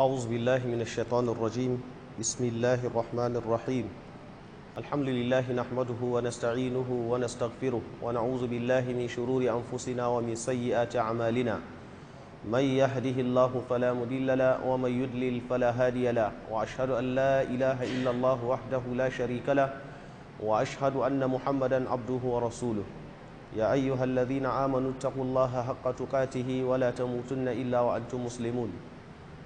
أعوذ بالله من الشيطان الرجيم بسم الله الرحمن الرحيم الحمد لله نحمده ونستعينه ونستغفره ونعوذ بالله من شرور أنفسنا ومن سيئات أعمالنا من يهده الله فلا مضل له ومن يضلل فلا هادي له وأشهد أن لا إله إلا الله وحده لا شريك له وأشهد أن محمدا عبده ورسوله يا أيها الذين آمنوا اتقوا الله حق تقاته ولا تموتن إلا وأنتم مسلمون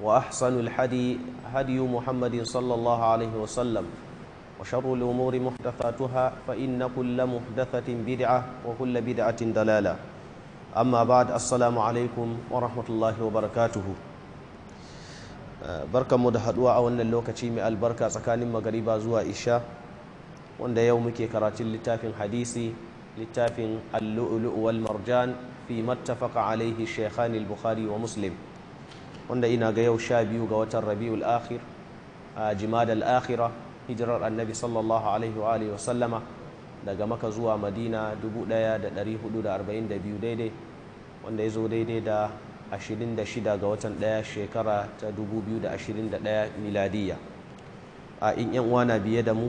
وأحسن الحدي هدي محمد صلى الله عليه وسلم وشر الأمور محدثاتها فإن كل محدثة بدعة وكل بدعة دلالة أما بعد السلام عليكم ورحمة الله وبركاته barkan mu da haduwa a wannan lokaci mai albarka tsakanin magariba zuwa isha wanda yau muke karatun littafin hadisi littafin al-lu'lu' fi mattafaqa alaihi shaykhan al wa muslim wanda ina ga yau sha biyu ga watan rabiul akhir a jimadal akhira hijirar annabi sallallahu alaihi wa alihi wasallama daga maka zuwa madina 1442 daidai wanda ya zo daidai da 26 ga watan daya shekara ta 2021 miladiya a in yan uwa na biye da mu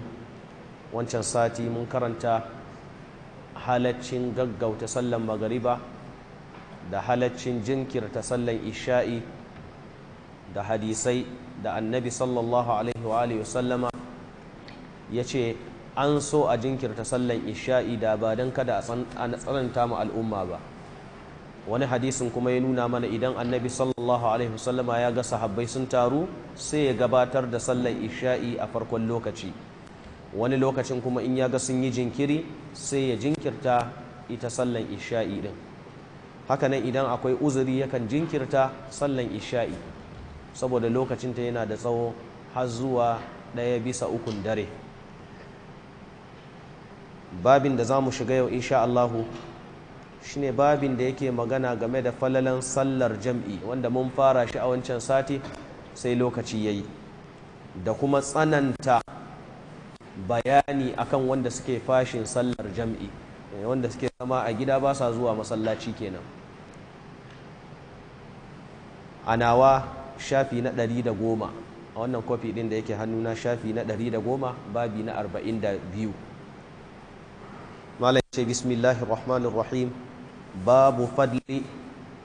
wancan sati mun karanta halaccin gaggauta sallan magariba da halaccin jinkirta sallan isha'i da hadisai da annabi sallallahu alaihi wa alihi sallama ya ce an so a jinkirta sallan isha'i da ba don kada a tsananta mu al'umma ba wani hadisin kuma ya nuna mana idan annabi sallallahu alaihi wasallama ya ga sahabbai sun taru sai ya gabatar da sallan isha'i a farkon lokaci wani lokacin kuma in ya ga sun yi jinkiri sai ya jinkirta ita sallan isha'i din hakanan idan akwai uzuri yakan jinkirta sallan isha'i saboda lokacinta yana da tsawo har zuwa ɗaya bisa ukun dare babin da za mu shiga yau insha Allahu shine babin da yake magana game da falalan sallar jam'i wanda mun fara shi a wancan sati sai lokaci ya yi da kuma tsananta bayani akan wanda suke fashin sallar jam'i eh, wanda suke zama a gida ba sa zuwa masallaci kenan a nawa shafi na ɗari a wannan kofi ɗin da yake hannuna shafi na ɗari da goma babi na arba'in malam ce bismillahir rahmanir rahim babu fadli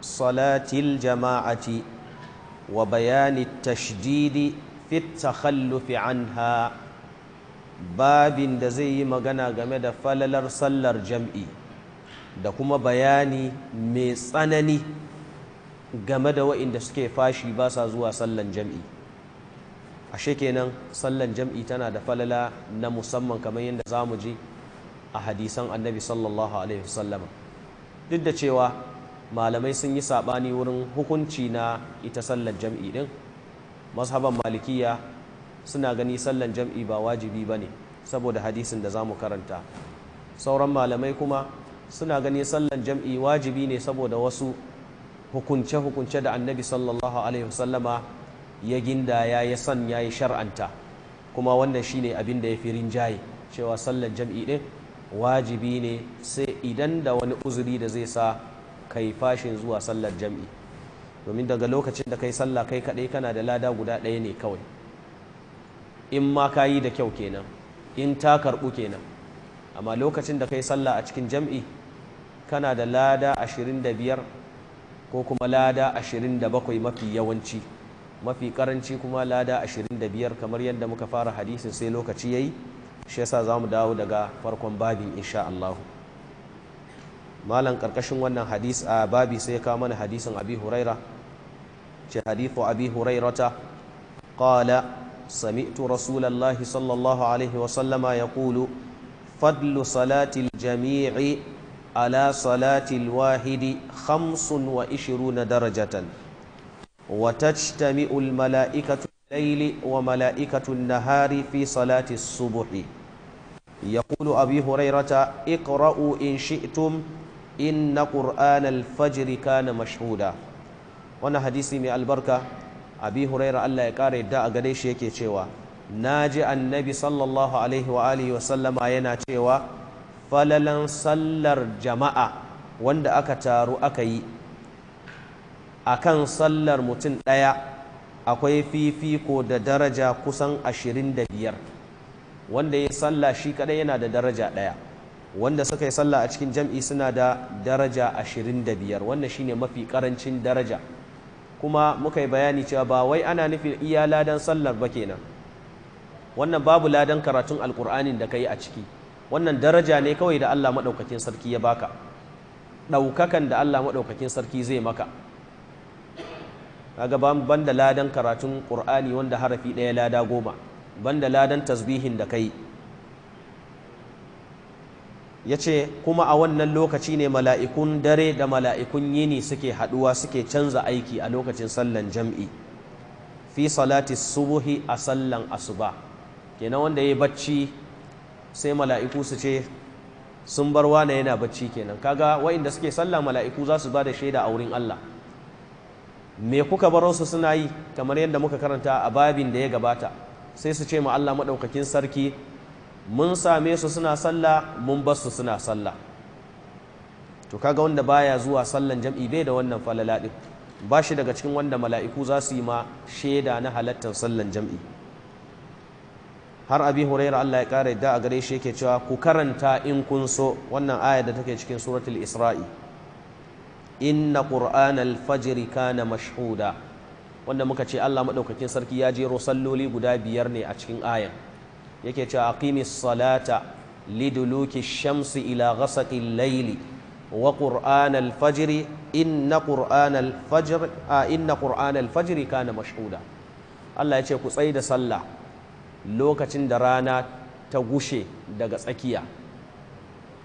salatil jama'ati wa bayani tashdidi fi takhallufi anha babin da zai yi magana game da falalar sallar jam'i da kuma bayani mai tsanani game da wa'inda suke fashi ba sa zuwa sallan jam'i ashe kenan sallan jam'i tana da falala na musamman kamar yadda za mu ji a hadisan annabi sallallahu alaihi wasallama duk da cewa malamai sun yi saɓani wurin hukunci na ita sallan jam'i ɗin mazhaban malikiya suna gani sallan jam'i ba wajibi ba ne saboda hadisin da za mu karanta sauran malamai kuma suna gani sallan jam'i wajibi ne saboda wasu hukunce-hukunce da annabi sallallahu alaihi wasallama ya ginda ya sanya ya shar'anta kuma wannan shine abin da ya fi rinjaye cewa sallar jam'i ɗin wajibi ne sai idan da wani uzuri da zai sa kai fashin zuwa sallar jam'i domin daga lokacin da kai sallah kai kaɗai kana da lada guda ɗaya ne kawai in ma ka yi da kyau kenan in ta karɓu kenan amma lokacin da kai sallah a cikin jam'i kana da lada ashirin da biyar ko kuma lada 27 mafi yawanci mafi karanci kuma lada 25 kamar yadda muka fara hadisin sai lokaci yayi shi yasa zamu dawo daga farkon babin insha Allah malam karkashin wannan hadis a babi sai ya kawo mana hadisin Abi Huraira ce hadithu Abi Hurairata qala samitu رسول sallallahu alaihi wa sallama وسلم يقول فضل صلاة الجميع على صلاة الواحد خمس وعشرون درجة وتجتمع الملائكة الليل وملائكة النهار في صلاة الصبح يقول أبي هريرة اقرأوا إن شئتم إن قرآن الفجر كان مشهودا وانا حديثي من البركة أبي هريرة الله يقاري دا أغديش يكي چوا ناجي النبي صلى الله عليه وآله وسلم آينا چوا falalan sallar jama'a wanda aka taru aka yi a kan sallar mutum ɗaya akwai fifiko da daraja kusan ashirin da biyar wanda ya sallah shi kaɗai yana da daraja ɗaya wanda suka yi sallah a cikin jam'i suna da daraja ashirin da biyar wannan shine mafi karancin daraja kuma muka yi bayani cewa ba wai ana nufin iya ladan sallar ba kenan wannan babu ladan karatun alkur'anin da ka yi a ciki wannan daraja ne kawai da Allah maɗaukakin sarki ya baka ɗaukakan da Allah maɗaukakin sarki zai maka kaga ban da ladan karatun ƙur'ani wanda harafi ɗaya lada goma ban da ladan tasbihin da kai ya ce kuma a wannan lokaci ne mala'ikun dare da mala'ikun yini suke haɗuwa suke canza aiki a lokacin sallan jam'i fi salati subuhi a sallan asuba kenan wanda ya yi bacci sai mala'iku su ce sun bar wane yana bacci kenan kaga wa'inda suke sallah mala'iku za su ba da shaida a wurin Allah me kuka baro su suna yi kamar yadda muka karanta a babin da ya gabata sai su ce ma Allah maɗaukakin sarki mun same su suna sallah mun bar su suna sallah to kaga wanda baya zuwa sallan jam'i bai da wannan falala ba shi daga cikin wanda mala'iku za su yi ma shaida na halattar sallan jam'i har abi huraira Allah ya kare da a gare shi yake cewa ku karanta in kun so wannan aya da take cikin suratul isra'i inna qur'ana al kana mashhuda wanda muka ce Allah madaukakin sarki ya jero salloli guda biyar ne a cikin ayan yake cewa aqimis salata liduluki shamsi ila ghasaqi al-layli wa qur'an al inna inna kana mashhuda Allah ya ce ku tsaye da sallah lokacin da rana ta gushe daga tsakiya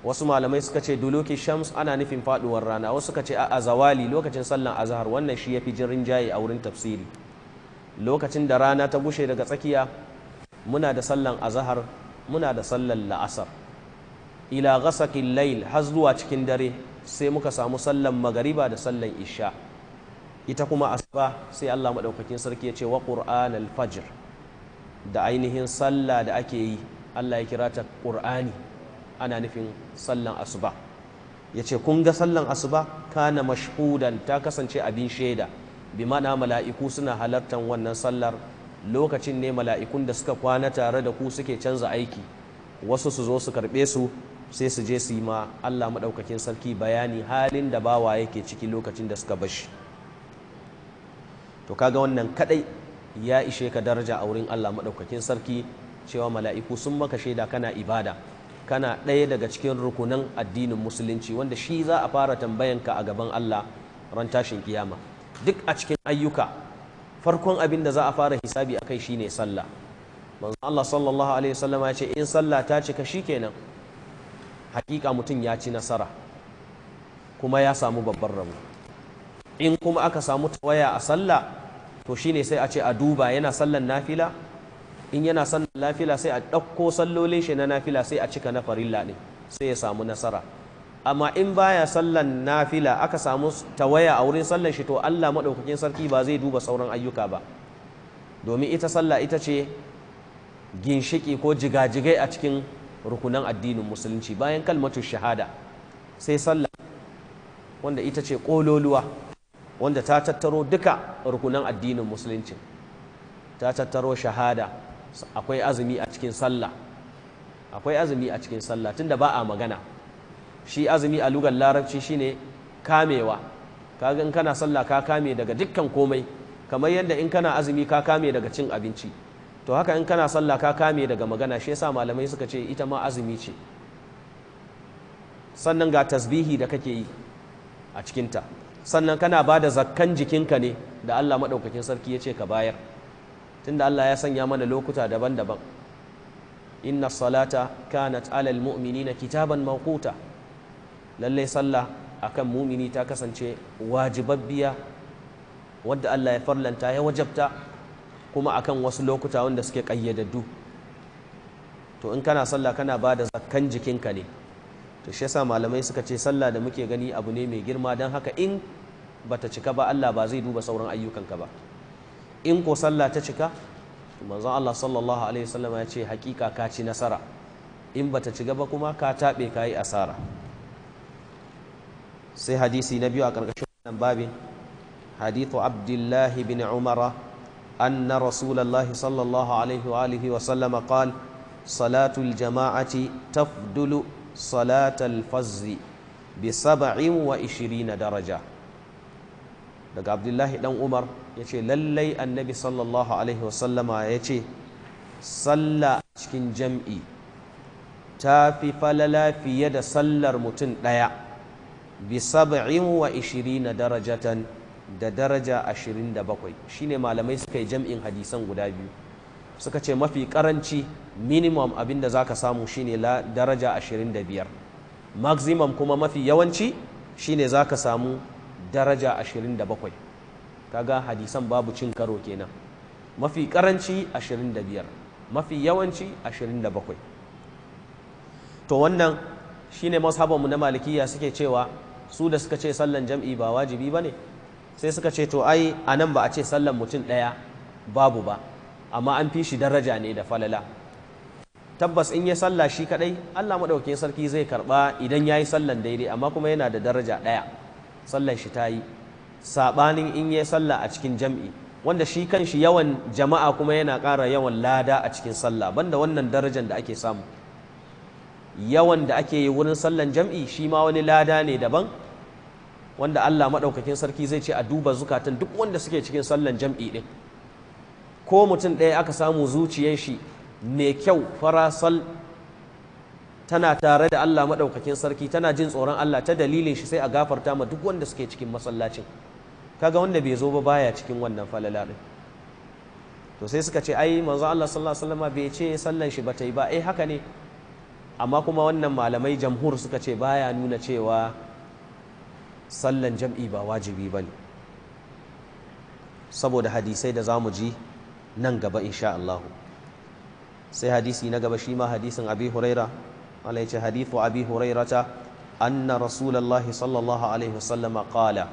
wasu malamai suka ce duloki shams ana nufin faduwar rana wasu suka ce a zawali lokacin sallan azahar, wannan shi yafi jirin jaye a wurin tafsiri lokacin da rana ta gushe daga tsakiya muna da sallan azahar, muna da sallan la'asar ila ghasakin layl har zuwa cikin dare sai muka samu sallan magariba da sallan isha ita kuma asuba sai Allah madaukakin sarki ya ce wa qur'an al-fajr da ainihin sallah da ake yi Allah ya kira ta ƙur'ani ana nufin sallan asuba ya ce kun ga sallan asuba kana mashhudan ta kasance abin shaida bi mana mala'iku suna halartar wannan sallar lokacin ne mala'ikun da suka kwana tare da ku suke canza aiki wasu su zo su karɓe su sai su je su yi ma Allah maɗaukakin sarki bayani halin da bawa yake ciki lokacin da suka bashi to kaga wannan kadai ya ishe ka daraja a wurin Allah maɗaukakin sarki cewa mala'iku sun maka shaida kana ibada kana ɗaya daga cikin rukunan addinin musulunci wanda shi za a fara tambayanka a gaban Allah ran tashin kiyama duk a cikin ayyuka farkon abin da za a fara hisabi akai shine sallah manzo Allah sallallahu alaihi wasallam ya ce in sallah ta cika shikenan hakika mutum ya ci nasara kuma ya samu babban rabo in kuma aka samu tawaya a sallah to shine sai a ce a duba yana sallan nafila in yana sallan nafila sai a ɗauko sallolin shi na nafila sai a cika na farilla ne sai ya samu nasara amma in baya sallan nafila aka samu tawaya a wurin sallan shi to Allah maɗaukakin sarki ba zai duba sauran ayyuka ba domin ita sallah ita ce ginshiki ko jigajigai a cikin rukunan addinin musulunci bayan kalmatu shahada sai sallah wanda ita ce ƙololuwa wanda ta tattaro duka rukunan addinin musulunci ta tattaro shahada akwai azumi a cikin sallah akwai azumi a cikin sallah tunda ba a magana shi azumi a lugar larabci shine kamewa kaga in kana sallah ka kame daga dukkan komai kamar yadda in kana azumi ka kame daga cin abinci to haka in kana sallah ka kame daga magana shi yasa malamai suka ce ita ma azumi ce sannan ga tasbihi da kake yi a cikinta sannan kana ba da zakkan jikinka ne da Allah maɗaukakin sarki ya ce ka bayar tunda Allah ya sanya mana lokuta daban-daban inna salata kanat alal na kitaban mawquta lallai sallah akan mumini ta kasance wajibabbiya wadda Allah ya farlanta ya wajabta kuma akan wasu lokuta wanda suke ƙayyadaddu to in kana sallah kana ba da zakkan jikinka ne to shi yasa malamai suka ce sallah da muke gani abu ne mai girma don haka in bata cika ba Allah ba zai duba sauran ayyukanka ba in ko sallah ta cika manzon Allah sallallahu alaihi wasallam ya ce hakika ka ci nasara in bata cika ba kuma ka taɓe ka yi asara sai hadisi na biyu a ƙarƙashin wannan babin hadithu abdullahi bin umara anna رسول sallallahu صلى الله عليه وآله وسلم قال صلاة الجماعة تفضل salatal fazzi bi saba'in wa ishirina daraja daga abdullahi dan umar ya ce lallai annabi sallallahu alaihi wasallama ya ce salla cikin jam'i ta fi falala fiye da sallar mutum ɗaya bi saba'in wa ishirina darajatan da daraja ashirin da bakwai shine malamai suka yi jam'in hadisan guda biyu suka ce mafi karanci minimum abin da za ka samu shine la daraja 25 maximum kuma mafi yawanci shine za ka samu daraja 27 kaga hadisan babu cin karo kenan mafi karanci 25 mafi yawanci 27 to wannan shine mu na malikiya suke cewa su da suka ce sallan jam'i ba wajibi ba ne sai suka ce to ai a nan ba a ce sallan mutum ɗaya babu ba amma an fi shi daraja ne da falala tabbas in ya sallah shi kadai Allah madaukakin sarki zai karɓa idan ya yi sallan daidai amma kuma yana da daraja ɗaya sallan shi tayi sabanin in yi sallah a cikin jam'i wanda shi kanshi yawan jama'a kuma yana ƙara yawan lada a cikin sallah banda wannan darajar da ake samu yawan da ake yi wurin sallan jam'i shi ma wani lada ne daban wanda Allah madaukakin sarki zai ce a duba zukatan duk wanda suke cikin sallan jam'i din ko mutum ɗaya aka samu zuciyar shi mai kyau farasal tana tare da Allah maɗaukakin sarki tana jin tsoron Allah ta dalilin shi sai a gafarta ma duk wanda suke cikin masallacin kaga wanda bai zo ba baya cikin wannan falala ɗin to sai suka ce ai manzo Allah sallallahu alaihi wasallam bai ce sallan shi bata yi ba eh haka ne amma kuma wannan malamai jamhur suka ce baya nuna cewa sallan jam'i ba wajibi bane saboda hadisai da zamu ji nan gaba insha Allah sai hadisi na gaba shi ma hadisin abi huraira Allah ce hadithu abi hurairata anna rasulullahi sallallahu alaihi wasallama qala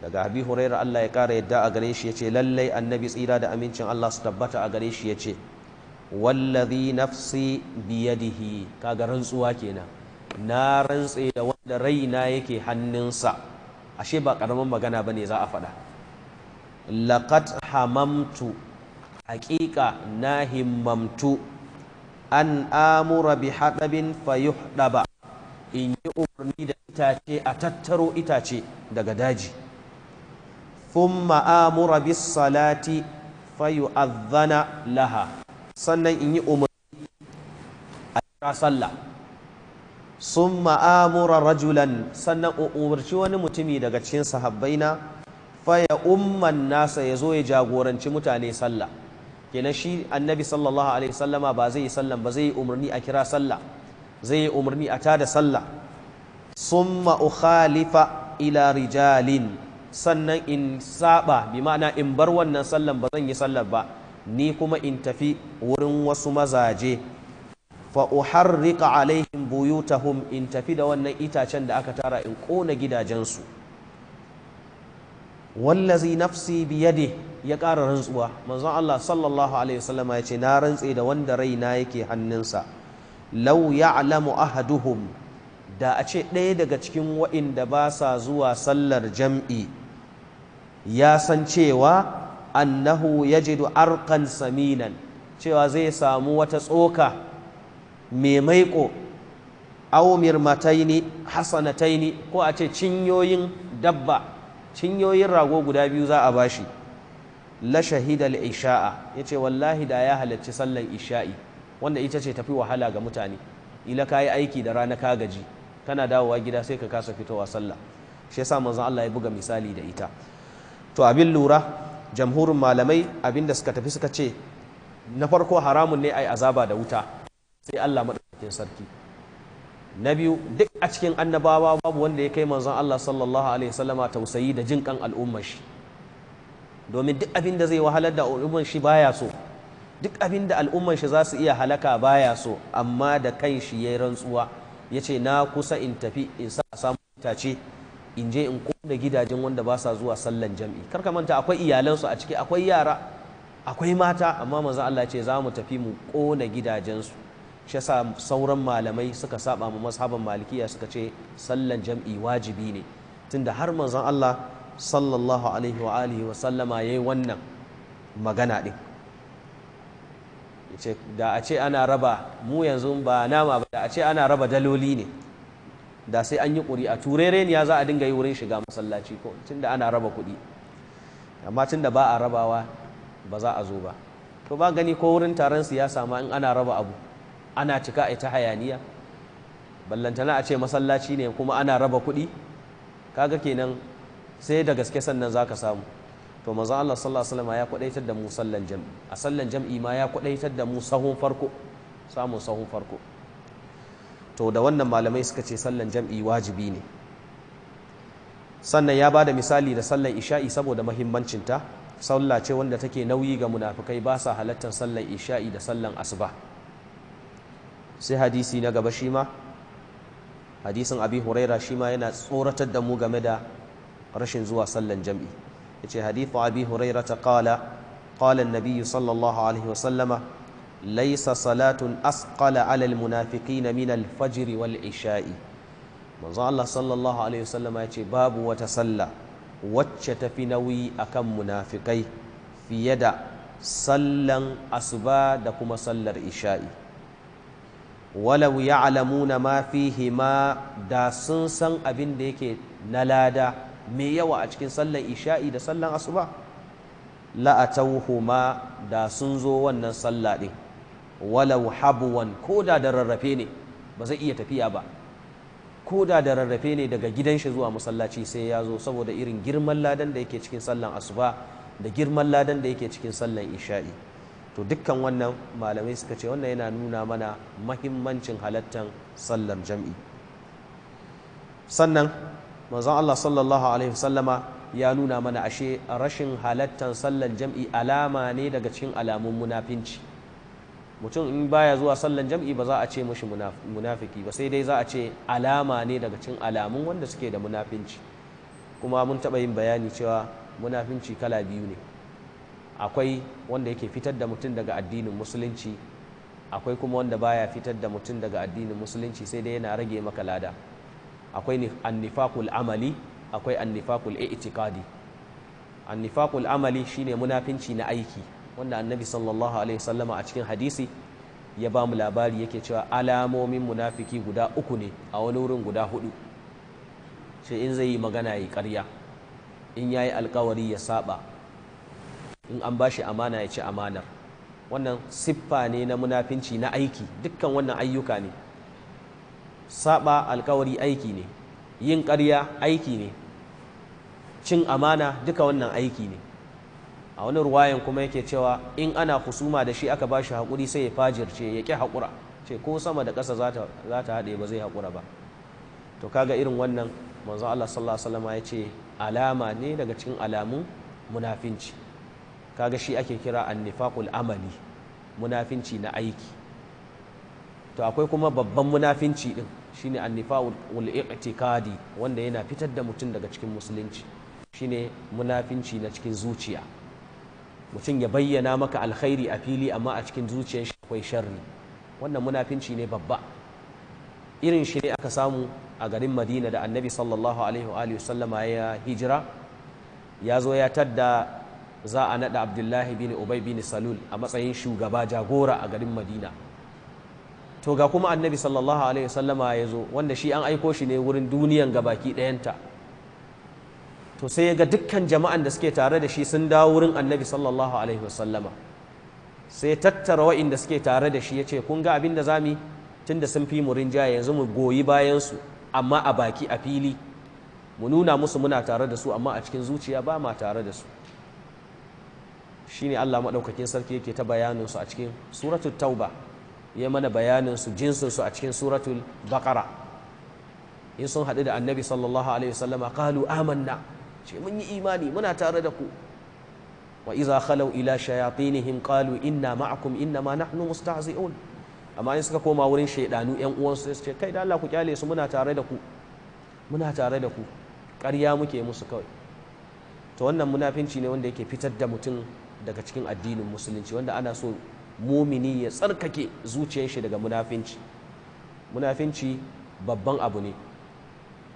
daga abi huraira Allah ya kara yadda a gare shi yace lallai annabi tsira da amincin Allah su tabbata a gare shi yace wallazi nafsi biyadihi kaga rantsuwa kenan na rantse da wanda raina yake hannunsa ashe ba karamin magana bane za a faɗa laqad hamamtu haƙiƙa na himmamtu an amura bi haɗabin fayuhdaba in yi umarni da itace a tattaro itace daga daji fun ma'amura bi salati fayu'adhana laha sannan in yi umarni a kira sallah Sun ma'amura rajulan sannan umarci wani mutumi daga cikin sahabbaina faya umman nasa ya zo ya jagoranci mutane sallah kenan shi annabi sallallahu alaihi sallama ba zai yi sallan ba zai yi umarni a kira sallah zai yi umarni a tada sallah summa ukhalifa ila rijalin sannan in saba bi ma'ana in bar wannan sallan ba zan yi sallar ba ni kuma in tafi wurin wasu mazaje fa uharriqa alaihim buyutahum in tafi da wannan itacen da aka tara in kona gidajensu wallazi nafsi biyade ya ƙara rantsuwa manzon Allah sallallahu alaihi wasallama ya ce na rantse da wanda raina yake hannunsa law ya'lamu ahaduhum da a ce ɗaya daga cikin wa'inda ba sa zuwa sallar jam'i ya san cewa annahu yajidu arqan saminan cewa zai samu wata tsoka mai maiƙo aw mirmataini hasanataini ko a ce cinyoyin dabba cinyoyin rago guda biyu za a bashi la shahidal isha'a yace wallahi da ya halarci sallan isha'i wanda ita ce tafi wahala ga mutane ila kayi aiki da rana ka gaji kana dawowa gida sai ka kasa fitowa sallah shi yasa manzon Allah ya buga misali da ita to abin lura jamhurin malamai abin da suka tafi suka ce na farko haramun ne ai azaba da wuta sai Allah madaukakin sarki na biyu duk a cikin annabawa babu wanda ya kai manzon Allah sallallahu alaihi wasallama tausayi da jin kan al'ummar shi domin duk abin da zai wahalar da al'ummar shi baya so duk abin da al'ummar shi za su iya halaka baya so amma da kan shi yayi rantsuwa yace na kusa in tafi in sa samu tace in je in kona gidajen wanda ba sa zuwa sallan jam'i kar ka manta akwai iyalansu a ciki akwai yara akwai mata amma manzon Allah ce za mu tafi mu kona gidajensu shi yasa sauran malamai suka saba mu mazhaban malikiya suka ce sallan jam'i wajibi ne tunda har manzon Allah sallallahu alaihi wa alihi wa sallama yayi wannan magana din yace da a ce ana raba mu yanzu ba nama ba da a ce ana raba daloli ne da sai an yi kuri a turere ne ya za a dinga yi wurin shiga masallaci ko tunda ana raba kuɗi amma tunda ba a rabawa ba za a zo ba to ba gani ko wurin taron siyasa ma in ana raba abu ana cika a ita hayaniya ballantana a ce masallaci ne kuma ana raba kuɗi kaga kenan sai da gaske sannan zaka samu to maza Allah sallallahu alaihi wasallam ya kwadaitar da mu jam'i a sallan jam'i ma ya kwadaitar da mu farko samun sahun farko to da wannan malamai suka ce sallan jam'i wajibi ne sannan ya ba da misali da sallan isha'i saboda mahimmancinta sallah ce wanda take nauyi ga munafikai ba sa halattar sallan isha'i da sallan asuba sai hadisi na gaba shi ma hadisin abi huraira shi ma yana tsoratar da mu game da rashin zuwa sallan jam'i yace hadithu abi huraira ta qala qala an sallallahu alaihi wa sallama salatun asqala ala almunafiqin min alfajiri wal isha'i manzo Allah sallallahu alaihi wa yace babu wata sallah wacce ta fi nauyi akan munafikai fiye da sallan asuba da kuma sallar isha'i walau ya'lamuna ma fihi ma da sun san abin da yake na lada mai yawa a cikin sallar isha'i da sallar asuba wuhu ma da sun zo wannan sallah ɗin walau habuwan ko da da rarrafe ne ba zai iya tafiya ba ko da da rarrafe ne daga gidan shi zuwa masallaci sai ya zo saboda irin girman ladan da yake cikin sallan asuba da girman ladan da yake cikin sallan isha'i to dukkan wannan malamai suka ce wannan yana nuna mana mahimmancin halattan sallar jam'i sannan manzon Allah sallallahu alaihi wasallama ya nuna mana ashe rashin halattan sallar jam'i alama ne daga cikin alamun munafinci mutum in baya zuwa sallar jam'i ba za a ce mashi munafiki ba sai dai za a ce alama ne daga cikin alamun wanda suke da munafinci kuma mun taɓa yin bayani cewa munafinci kala biyu ne akwai wanda yake fitar da mutum daga addinin musulunci akwai kuma wanda baya fitar da mutum daga addinin musulunci sai dai yana rage maka lada akwai annifakul amali akwai annifakul i'tiqadi annifakul amali shine munafinci na aiki wanda annabi sallallahu alaihi wasallama a cikin hadisi ya ba mu labari yake cewa alamomin munafiki guda uku ne a wani wurin guda hudu sai in zai yi magana ya karya in yayi alkawari ya saba in an ba shi amana ya ci amanar wannan siffa ne na munafinci na aiki dukkan wannan ayyuka ne saba alkawari aiki ne yin ƙarya aiki ne cin amana duka wannan aiki ne a wani ruwayan kuma yake cewa in ana husuma da shi aka ba shi haƙuri sai ya fajirce ya ƙi haƙura ce ko sama da ƙasa za ta haɗe ba zai haƙura ba to kaga irin wannan manzo Allah sallallahu alaihi ya ce alama ne daga cikin alamun munafinci kaga shi ake kira annifaqul amali munafinci na aiki to akwai kuma babban munafinci din shine annifaqul i'tiqadi wanda yana fitar da mutum daga cikin musulunci shine munafinci na cikin zuciya mutum ya bayyana maka alkhairi a fili amma a cikin zuciyar shi akwai sharri wannan munafinci ne babba irin shi ne aka samu a garin madina da annabi sallallahu alaihi wa sallama ya hijira ya zo ya tadda za a naɗa abdullahi bin ubay bin salul a matsayin shugaba jagora a garin madina to ga kuma annabi sallallahu alaihi wasallama ya zo wanda shi an aiko shi ne wurin duniyan gabaki ɗayanta to sai ya ga dukkan jama'an da suke tare da shi sun dawo wurin annabi sallallahu alaihi wasallama sai tattara wa'inda suke tare da shi ya ce kun ga abin da zamu tun da sun fi mu rinjaye yanzu mu goyi bayansu amma a baki a fili mu nuna musu muna tare da su amma a cikin zuciya ba ma tare da su shine Allah maɗaukakin sarki yake ta bayanin su a cikin suratul tauba ya mana bayanin su jinsin su a cikin suratul baqara in sun haɗu da annabi sallallahu alaihi wasallama qalu amanna ce mun yi imani muna tare da ku wa iza khalau ila shayatinihim qalu inna ma'akum inna ma nahnu mustahzi'un amma in suka koma wurin shaidanu yan uwansu su ce kai da Allah ku kyale su muna tare da ku muna tare da ku ƙarya muke musu kawai to wannan munafinci ne wanda yake fitar da mutum daga cikin addinin musulunci wanda ana so mumini ya tsarkake zuciyar shi daga munafinci munafinci babban abu ne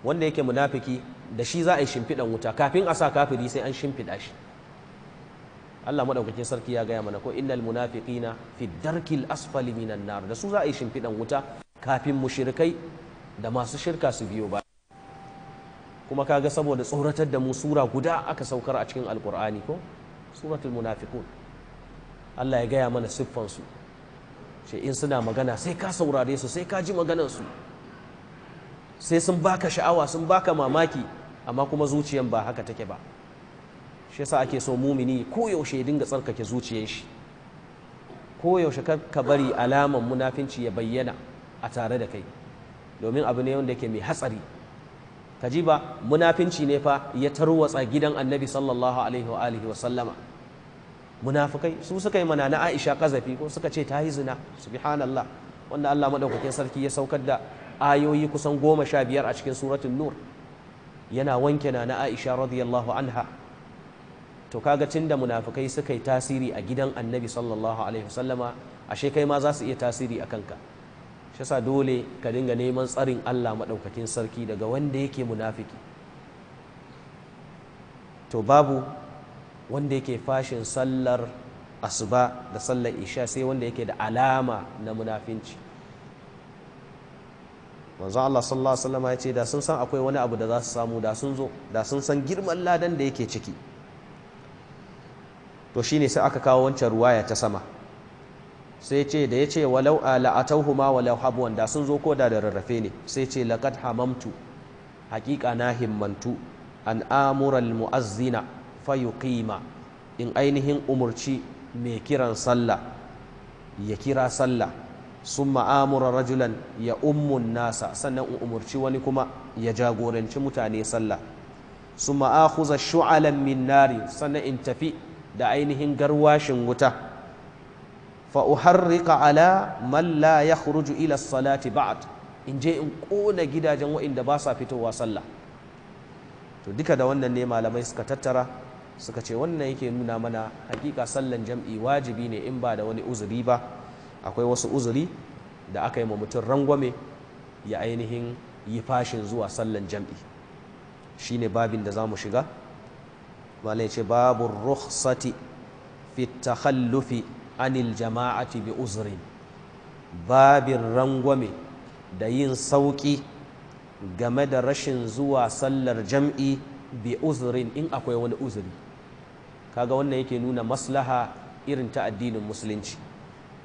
wanda yake munafiki da shi za a yi shimfiɗan wuta kafin a sa kafiri sai an shimfiɗa shi Allah maɗaukakin sarki ya gaya mana ko innal munafiqina fi darkil asfali minan nar da su za a yi shimfiɗan wuta kafin mu mushrikai da masu shirka su biyo ba kuma kaga saboda tsoratar da mu sura guda aka saukar a cikin alkur'ani ko suratul munafiqun Allah ya gaya mana siffansu shi in suna magana sai ka saurare su sai ka ji su sai sun baka sha'awa sun baka mamaki amma kuma zuciyan ba haka take ba shi yasa ake so mumini koyaushe ya dinga tsarkake zuciyar shi koyaushe ka bari alaman munafinci ya bayyana a tare da kai domin abu ne wanda yake mai hatsari kaji ba munafinci ne fa ya tarwatsa gidan annabi sallallahu alaihi wa alihi wa sallama munafikai su suka yi mana na Aisha kazafi ko suka ce ta yi zina subhanallah wanda Allah madaukakin sarki ya saukar da ayoyi kusan goma sha biyar a cikin suratul nur yana wanke na na Aisha radiyallahu anha to kaga tunda munafikai suka yi tasiri a gidan annabi sallallahu alaihi sallama? ashe kai ma za su iya tasiri a kanka shi dole ka dinga neman tsarin Allah maɗaukakin sarki daga wanda yake munafiki to babu wanda yake fashin sallar asuba da sallar isha sai wanda yake da alama na munafinci wanzan Allah sallallahu alaihi wasallam ya ce da sun san akwai wani abu da za su samu da sun zo da sun san girman ladan da yake ciki to shine sai aka kawo wancan ruwaya ta sama sai ce da ya ce walau huma walau habuwan da sun zo koda da rarrafe ne sai ce laqad hamamtu haƙiƙa na himmantu an amural mu'azzina fayuqima in ainihin umarci mai kiran sallah ya kira sallah sun ma'amura rajulan ya ummun nasa sannan in wani kuma ya jagoranci mutane sallah sun ma'akuza shu'alan min nari sannan in tafi da ainihin garwashin wuta fa u uharriqa ala malla la yakhruju ila salati ba'ad in je in kona gidajen wa'inda ba sa fitowa sallah to duka da wannan ne malamai suka tattara suka ce wannan yake nuna mana hakika sallan jam'i wajibi ne in ba da wani uzuri ba akwai wasu uzuri da aka yi ma mutum rangwame ya ainihin yi fashin zuwa sallan jam'i shine babin da za mu shiga malai ce babu rukhsati fi takhallufi anil jama'ati bi uzrin babin rangwame da yin sauƙi game da rashin zuwa sallar jam'i bi uzrin in akwai wani uzuri kaga wannan yake nuna maslaha irin ta addinin musulunci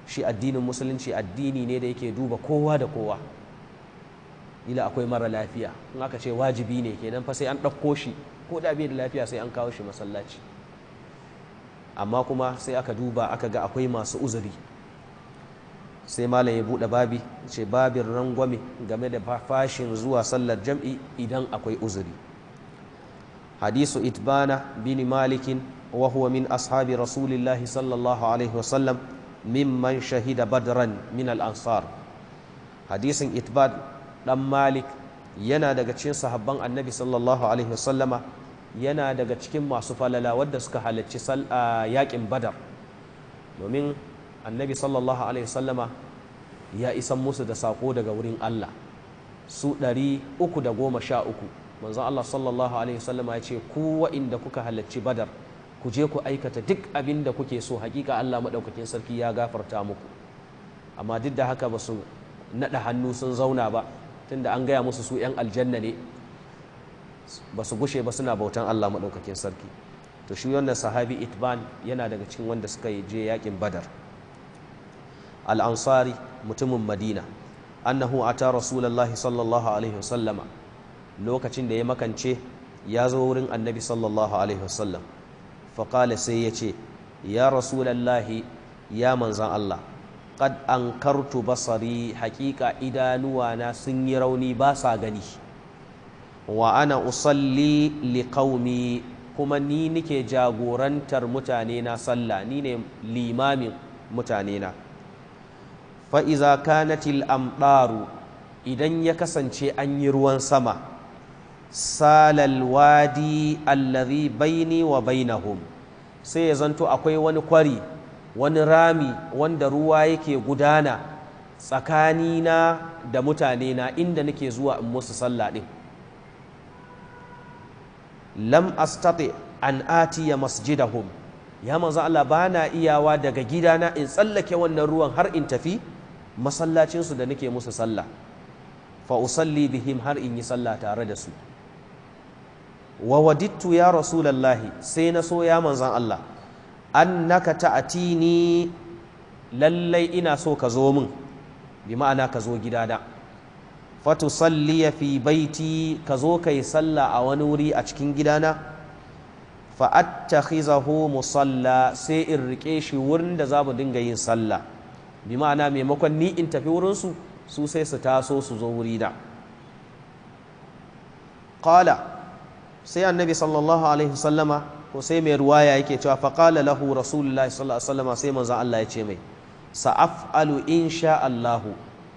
shi addinin musulunci addini ne da yake duba kowa da kowa ila akwai mara lafiya in aka ce wajibi ne kenan fa sai an ɗauko shi ko da bai da lafiya sai an kawo shi masallaci amma kuma sai aka duba aka ga akwai masu uzuri sai malam ya buɗe babi ce babin rangwame game da fashin zuwa sallar jam'i idan akwai uzuri hadisu itbana bini malikin wa min ashabi rasulillahi sallallahu alaihi wasallam mimman shahida badran min al-ansar hadisin itbad dan malik yana daga cikin sahabban annabi sallallahu alaihi wasallama yana daga cikin masu falala wadda suka halarci yakin badar domin annabi sallallahu alaihi sallama ya isan musu da saƙo daga wurin allah su ɗari uku da goma sha uku manzon allah sallallahu alaihi sallama ya ce ku wa'inda kuka halarci badar ku je ku aikata duk abin da kuke so hakika allah maɗaukakin sarki ya gafarta muku amma duk da haka ba su naɗa hannu sun zauna ba tunda an gaya musu su 'yan aljanna ne ba su gushe ba suna bautan Allah maɗaukakin sarki to shi wannan sahabi itban yana daga cikin wanda suka yi je yakin badar al-ansari mutumin madina annahu ata Rasulallah sallallahu alaihi wasallama lokacin da ya makance ya zo wurin annabi sallallahu alaihi wasallam faƙala sai ya ce ya rasulallahi ya manzan Allah kad an kartu basari haƙiƙa idanuwana sun yi rauni ba sa gani wa ana usalli liqaumi kuma ni nike jagorantar mutane na sallah ni ne limamin mutane na fa kanatil amɗaru idan ya kasance an yi ruwan sama salal wadi allazi baini wa bainahum sai ya zanto akwai wani kwari wani rami wanda ruwa yake gudana tsakanina da mutanena inda nake zuwa in musu sallah ɗin lam astati an atiya masjidahum ya manzo Allah ba na iyawa daga gidana in tsallake wannan ruwan har in tafi masallacinsu da nake musu sallah fa usalli bihim har in yi sallah tare da su wa wadittu ya rasulallahi sai na so ya manzan Allah annaka tatini lallai ina so ka zo min bi ma'ana ka zo gidana fatusalliya fi baiti ka zo ka yi sallah a wani wuri a cikin gidana mu musalla sai in riƙe shi wurin da za mu dinga yin sallah bi ma'ana maimakon ni in tafi wurinsu su sai su taso su zo wuri da qala sai annabi sallallahu alaihi wasallama ko sai mai ruwaya yake cewa faqala lahu rasulullahi sallallahu alaihi sai manzo Allah ya ce mai sa'afalu insha Allahu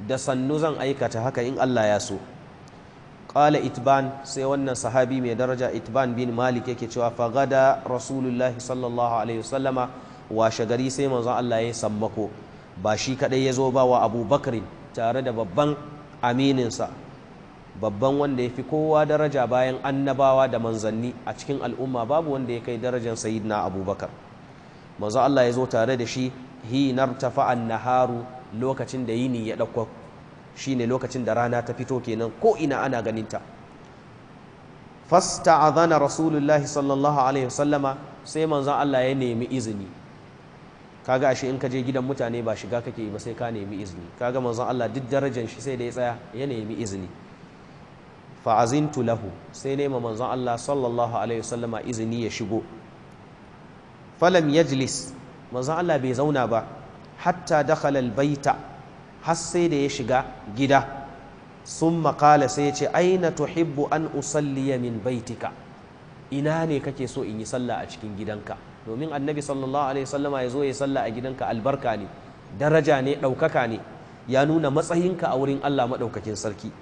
da sannu zan aikata haka in Allah ya so qala itban sai wannan sahabi mai daraja itban bin malik yake cewa fagada rasulullahi sallallahu alaihi wasallama washe gari sai manzon Allah ya sammako ba shi kaɗai ya zo ba wa abubakar tare da babban amininsa babban wanda ya fi kowa daraja bayan annabawa da manzanni a cikin al'umma babu wanda ya kai darajar sayidina abubakar manzo Allah ya zo tare da shi hinar tafa'an naharu lokacin da yini ya ɗauko shine lokacin da rana ta fito kenan ko ina ana ganinta Fasta fasta'adhana rasulullahi sallallahu alaihi wasallama sai manzon Allah ya nemi izini kaga ashe in ka je gidan mutane ba shiga kake ba sai ka nemi izini kaga manzon Allah duk darajar shi sai da ya tsaya ya nemi izini Fa'azin lahu sai nema manzon Allah sallallahu alaihi wasallama izini ya shigo falam yajlis manzon Allah bai zauna ba hatta dakhala albayta har sai da ya shiga gida sun maƙala sai ya ce aina tuhibbu an usalliya min baitika ina ne kake so in yi sallah a cikin gidanka domin annabi sallallahu alaihi wasallama ya zo ya sallah a gidanka albarka ne daraja ne ɗaukaka ne ya nuna matsayinka a wurin Allah maɗaukakin sarki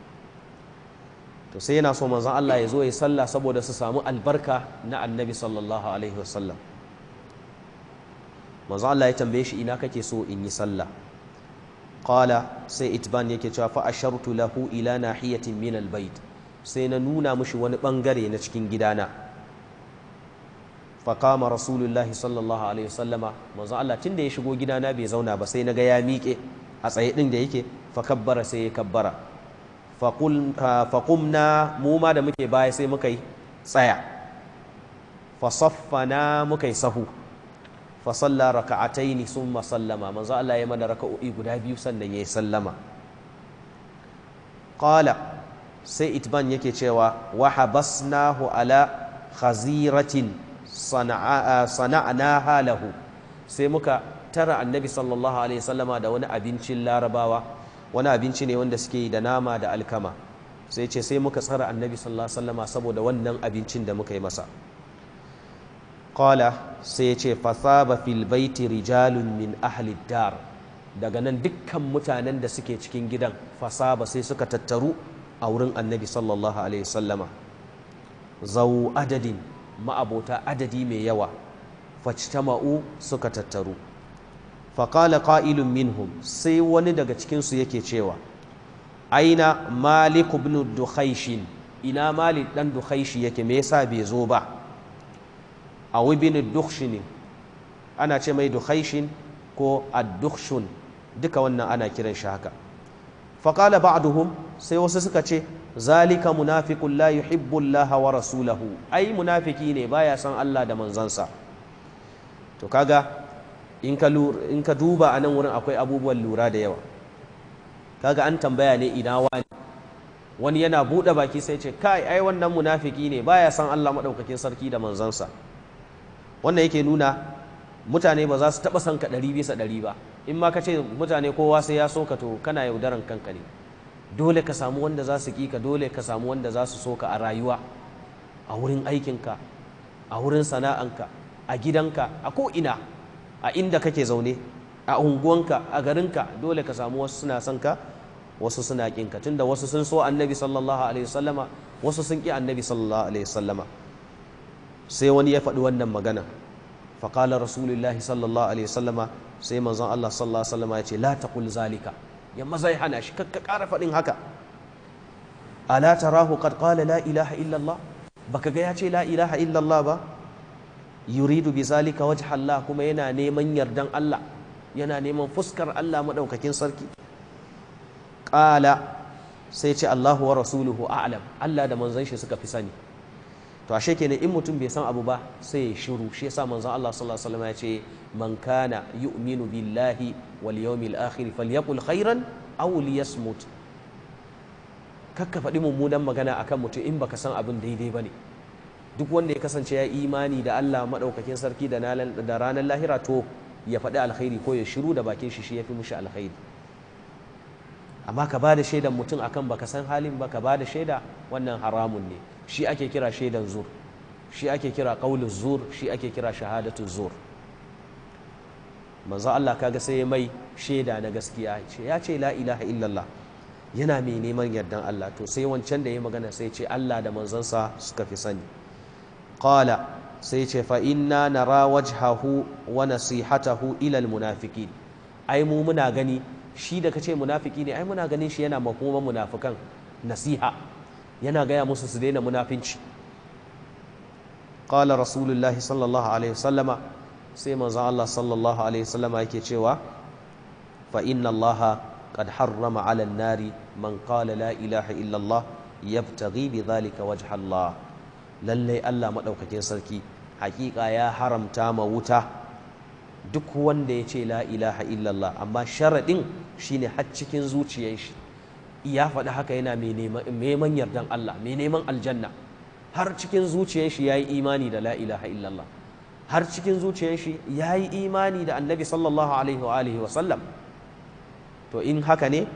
to sai yana so manzon Allah ya zo ya sallah saboda su samu albarka na annabi sallallahu alaihi wasallam manzo Allah ya tambaye shi ina kake so in yi sallah qala sai itban yake cewa fa ashartu lahu ila nahiyatin min albayt sai na nuna mishi wani bangare na cikin gidana faqama rasulullahi sallallahu alaihi wasallama manzo Allah tunda ya shigo gidana bai zauna ba sai na ga ya miƙe a tsaye din da yake fa kabbara sai ya kabbara faƙumna mu ma da muke baya sai muka yi tsaya fasaffana muka yi sahu fa salla raka'ataini summa sallama manzo Allah ya mana raka'o'i guda biyu sannan yayi sallama qala sai itban yake cewa wa habasnahu ala khaziratin sana'ana halahu sai muka tara annabi sallallahu alaihi sallama da wani abincin larabawa wani abinci ne wanda suke yi da nama da alkama sai ce sai muka tsara annabi sallallahu alaihi sallama saboda wannan abincin da muka yi masa qala sai ya ce fasaba fil baiti rijalun min ahli dar daga nan dukkan mutanen da suke cikin gidan fasaba sai suka tattaru a wurin annabi sallallahu alaihi sallama zau adadin ma'abota adadi mai yawa fajtama'u suka tattaru faƙala ƙa'ilun minhum sai wani daga cikinsu yake cewa aina malik ibn ina malik dan duhaishi yake me yasa bai zo ba a wibin dukshini ana ce mai dukhaishin ko addukshun duka wannan ana kiran shi haka faƙala ba'duhum sai wasu suka ce zalika munafiqun la yuhibbu wa rasulahu ai munafiki ne baya san Allah da manzansa to kaga in ka duba a nan wurin akwai abubuwan lura da yawa kaga an tambaya ne ina wani wani yana buɗe baki sai ce kai ai wannan munafiki ne baya san Allah maɗaukakin sarki da manzansa wannan yake nuna mutane ba za su taɓa son ka ɗari bisa ɗari ba in ma ka ce mutane kowa sai ya so ka to kana yaudaran kanka ne dole ka samu wanda za su ka dole ka samu wanda za su so ka a rayuwa a wurin aikinka a wurin sana'anka a gidanka a ko'ina a inda kake zaune a unguwanka a garinka dole ka samu wasu suna son ka wasu suna ƙinka tunda wasu sun so annabi sallallahu alaihi wasallama wasu sun ƙi annabi sallallahu alaihi wasallama sai wani ya faɗi wannan magana faƙala rasulullahi sallallahu alaihi wasallama sai manzon Allah sallallahu alaihi wasallama ya ce la taqul zalika ya maza ya hana shi kakka ƙara faɗin haka ala tarahu qad qala la ilaha illallah baka ga ya ce la ilaha illallah ba yuridu bi zalika wajha Allah kuma yana neman yardan Allah yana neman fuskar Allah madaukakin sarki qala sai ce Allahu wa rasuluhu a'lam Allah da manzon shi suka fi sani to ashe kenan in mutum bai san abu ba sai ya shiru shi yasa manzon Allah sallallahu alaihi wasallam ya ce man kana yu'minu billahi wal yawmil akhir falyaqul khairan aw liyasmut kakka faɗi mummunan magana akan mutum in baka san abin daidai bane duk wanda ya kasance ya imani da Allah madaukakin sarki da ranar lahira to ya faɗi alkhairi ko ya shiru da bakin shi shi yafi mushi alkhairi amma ka ba da shaidan mutum akan baka san halin ba ka ba da shaida wannan haramun ne shi ake kira shaidan zur shi ake kira qaulul zur shi ake kira shahadatu zur manzo Allah kaga sai ya mai shaida na gaskiya ce ya ce la ilaha illallah yana mai neman yardan Allah to sai wancan da ya magana sai ce Allah da manzansa suka fi sani qala sai ce fa inna nara wajhahu wa nasihatahu ilal almunafiqin ai mu muna gani shi da ka ce munafiki ne ai muna ganin shi yana makoman munafukan nasiha yana gaya musu su daina munafinci qala rasulullahi sallallahu alaihi wasallama sai manzon Allah sallallahu alaihi wasallama yake cewa fa inna allaha harrama alan nari man qala la ilaha illa allah fita bi zalika wajhallah allah Allah madaukakin sarki hakika ya haramta ma wuta duk wanda ya ce la ilaha illallah amma sharaɗin shine har cikin zuciyar shi ya faɗi haka yana neman yardan Allah mai neman aljanna har cikin zuciyar shi yayi imani da la ilaha illallah har cikin zuciyar shi yayi imani da annabi sallallahu alaihi wa alihi wa sallam to in haka ne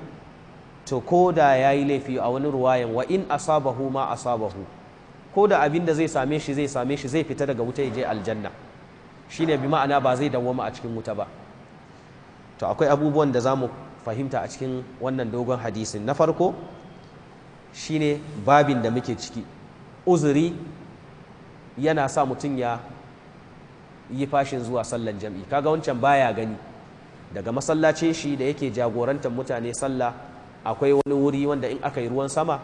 to ko da yayi laifi a wani ruwayan wa in asabahu ma asabahu ko da abin da zai same shi zai same shi zai fita daga wuta ya je aljanna shine bi ma'ana ba zai dawwama a cikin wuta ba to akwai abubuwan da zamu fahimta a cikin wannan dogon hadisin na farko shine babin da muke ciki uzuri yana sa mutum ya yi fashin zuwa sallan jam'i kaga wancan baya gani daga masallacin shi da yake jagorantar mutane sallah akwai wani wuri wanda in aka yi ruwan sama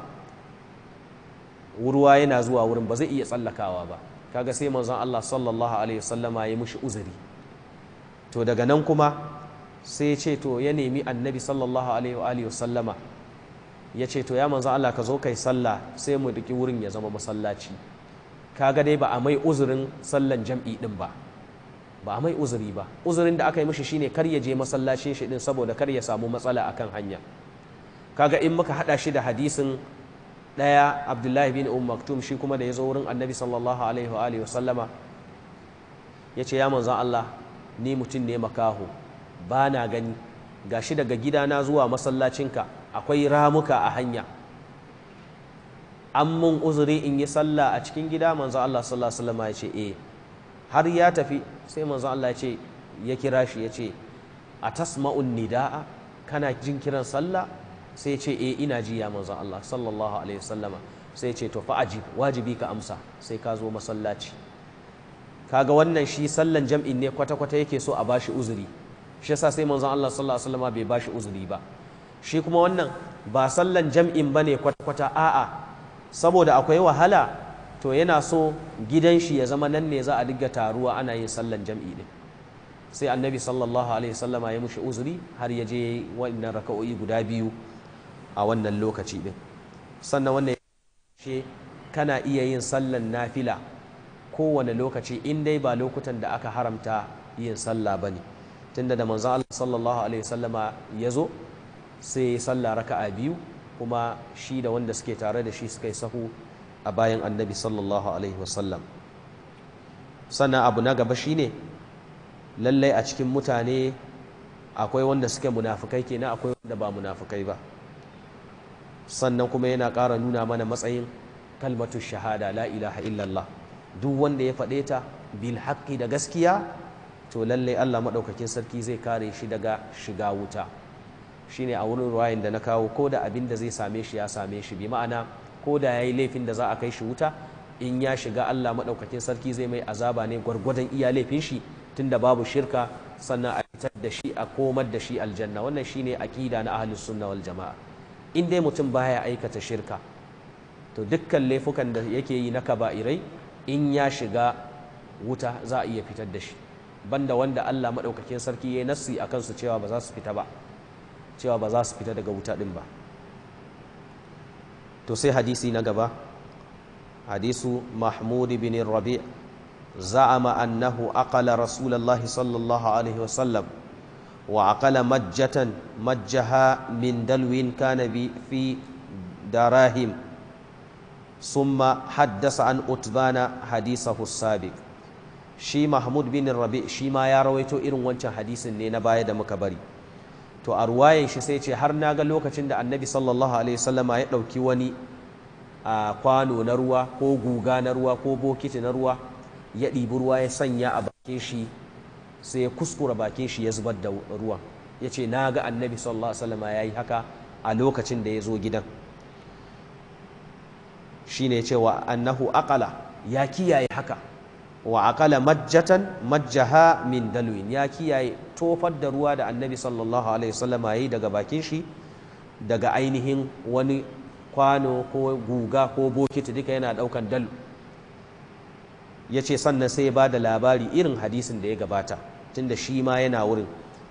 ruwa yana zuwa wurin ba zai iya tsallakawa ba kaga sai manzon Allah sallallahu alaihi wasallama ya mushi uzuri to daga nan kuma sai ya ce to ya nemi annabi sallallahu alaihi wa sallama ya ce to ya manzo Allah ka zo kai sallah sai mu duki wurin ya zama masallaci kaga dai ba a mai uzurin sallan jam'i din ba ba a mai uzuri ba uzurin da aka yi mishi shine kar ya je masallacin shi din saboda kar ya samu matsala akan hanya kaga in muka hada shi da hadisin daya Abdullahi bin Umm Maktum shi kuma da ya zo wurin Annabi sallallahu alaihi wa sallama ya ce ya manzo Allah ni mutum ne makaho ba na gani gashi daga gidana zuwa masallacinka akwai ramuka a hanya an mun uzuri in yi sallah a cikin gida manzo Allah sallallahu alaihi wasallam ya ce eh har ya tafi sai manzo Allah ya ce ya kira shi ya ce a tasma'un nida'a kana jin kiran sallah sai ce eh ina ji ya manzo Allah sallallahu alaihi wasallama sai ce to fa ajib wajibi ka amsa sai ka zo masallaci kaga wannan shi sallan jam'in ne kwata-kwata yake so a bashi uzuri shi yasa sai manzon Allah sallallahu alaihi wasallam bai bashi uzuri ba shi kuma wannan ba sallan jam'in bane kwata-kwata a'a saboda akwai wahala to yana so gidan shi ya zama nan ne za a diga taruwa ana yin sallan jam'i din sai annabi sallallahu alaihi wasallama ya mushi uzuri har ya je wannan raka'o'i guda biyu a wannan lokaci din sannan wannan shi kana iya yin sallan nafila kowane lokaci in dai ba lokutan da aka haramta yin sallah bane tunda da manzo Allah sallallahu alaihi wasallama ya zo sai ya salla raka'a biyu kuma shi da wanda suke tare da shi suka yi sahu a bayan annabi sallallahu alaihi wasallam sannan abu na gaba shine lallai a cikin mutane akwai wanda suke munafikai kenan akwai wanda ba munafukai ba sannan kuma yana ƙara nuna mana matsayin kalmatu shahada la ilaha illallah duk wanda ya faɗe ta bil haqqi da gaskiya to lallai Allah maɗaukakin sarki zai kare shi daga shiga wuta Shi ne a wurin ruwayin da na kawo ko da abin da zai same shi ya same shi bi ma'ana ko da ya yi laifin da za a kai shi wuta in ya shiga Allah maɗaukakin sarki zai mai azaba ne gwargwadon iya laifin shi Tun da babu shirka sannan a fitar da shi a komar da shi aljanna wannan shi shine aƙida na ahalin sunna wal jama'a in dai mutum baya aikata shirka to dukkan laifukan da yake yi na kaba'irai in ya shiga wuta za a iya fitar da shi banda wanda Allah maɗaukakin sarki ya nassi a kansu cewa ba za su fita ba cewa ba za su fita daga wuta ɗin ba to sai hadisi na gaba hadisu mahmud bin rabi za'ama annahu aqala rasulullahi sallallahu alaihi wasallam wa aqala majjatan majjaha min dalwin kana bi fi darahim summa haddasa an utbana hadisahu sabiq shi mahmud bin rabi shi ma ya rawaito irin wancan hadisin ne na baya da muka bari to a ruwayan shi sai ce har na ga lokacin da annabi sallallahu alaihi wasallama ya ɗauki wani a kwano na ruwa ko guga na ruwa ko bokiti na ruwa ya ɗibi ruwa ya sanya a bakin shi sai ya kuskura bakin shi ya zubar da ruwan ya ce na ga annabi sallallahu alaihi wasallama ya yi haka a lokacin da ya zo gidan Shi ne cewa annahu akala ya kiyaye haka wa aqala majjatan majjaha min dalwin ya kiyaye tofar da ruwa da annabi sallallahu alaihi wasallama yayi daga bakin shi daga ainihin wani kwano ko guga ko bokiti duka yana daukan dal yace sannan sai ya bada labari irin hadisin da ya gabata tunda shi ma yana wurin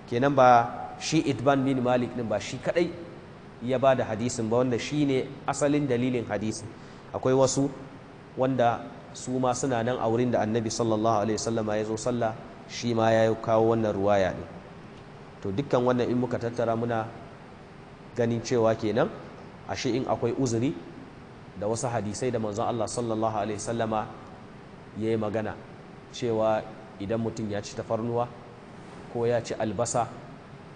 kenan ba shi idban bin malik din ba shi kadai ya bada hadisin ba wanda shine asalin dalilin hadisin akwai wasu wanda su ma suna nan a wurin da annabi sallallahu alaihi wasallama ya zo sallah shi ma ya kawo wannan ruwaya ne to dukkan wannan in muka tattara muna ganin cewa kenan ashe in akwai uzuri da wasu hadisai da manzon Allah sallallahu alaihi wasallama ya yi magana cewa idan mutum ya ci tafarnuwa ko ya ci albasa